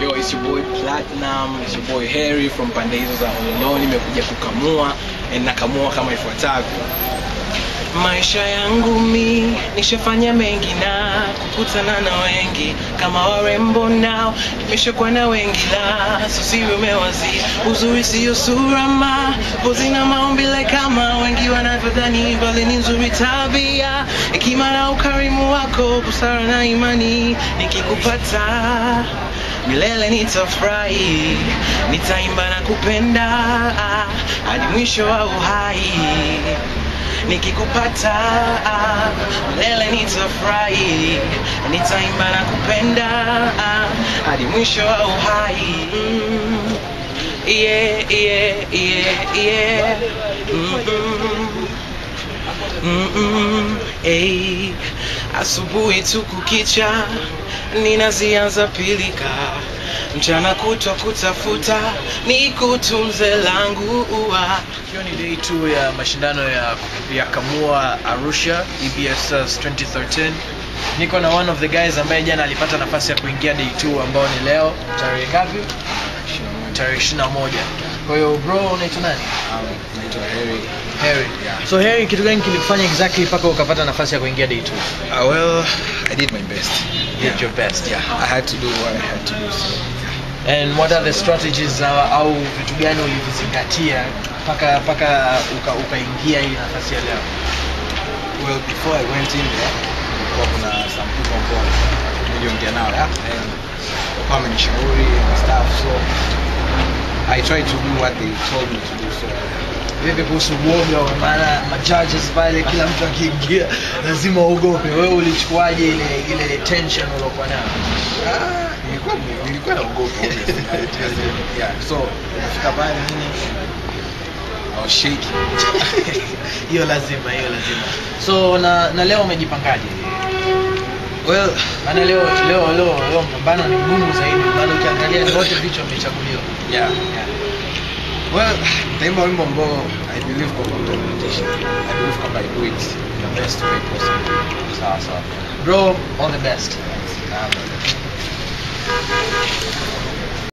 Yo, it's your boy Platinum, it's your boy Harry from pande hizo za Ololo. Nimekuja kukamua and nakamua kama ifuatavyo. Maisha yangu mi nishafanya mengi na kukutana na wengi kama warembo nao, nimeshakuwa na wengi la susiwe umewazi uzuri siyo sura ma pozi na maumbile kama wengi wanavyodhani, bali ni nzuri tabia, hekima na ukarimu wako, busara na imani nikikupata milele nitafurahi, nitaimba na kupenda hadi mwisho wa uhai. Nikikupata milele nitafurahi, nitaimba na kupenda hadi mwisho wa uhai. Yeah, yeah, yeah, yeah. Mm -hmm hey. Asubuhi tu kukicha ninazianza pilika, mchana kutwa kutafuta ni kutunze langu ua. Hiyo ni day 2 ya mashindano ya, ya Kamua Arusha EBSS 2013 uh, niko na one of the guys ambaye jana alipata nafasi ya kuingia day 2 ambao ni leo tarehe ngapi? Tarehe 21. Kwa hiyo bro unaitwa nani? naitwa Harry. Harry. Yeah. So Harry, kitu gani kilikufanya exactly mpaka ukapata nafasi ya kuingia day 2? Uh, ah, well, I did my best. You yeah. your best. Yeah. I had to do what I had to do. So. And what are the strategies uh, au vitu gani ulivizingatia mpaka mpaka ukaingia uka hii nafasi ya leo? Well, before I went in there, kulikuwa kuna some people ambao niliongea nao, and wakawa wamenishauri na stuff so I tried to do what they told me to do so Vipi kuhusu wa Maana majudges pale, kila mtu akiingia lazima uogope. Wewe ulichukuaje ile ile tension uliokuwa nayo? Ah, nilikuwa nilikuwa naogopa. Yeah, so nafika pale nini shiki hiyo lazima, hiyo lazima. So na, na leo umejipangaje? Well, maana leo leo leo leo mapambano ni ngumu zaidi, bado ukiangalia wote vichwa vimechakuliwa. Yeah. yeah. Well, nitaimba wimbo ambao I believe kwamba utanitisha. I believe kwamba I do it the best way possible. Sawa sawa. Bro, all the best. Thanks.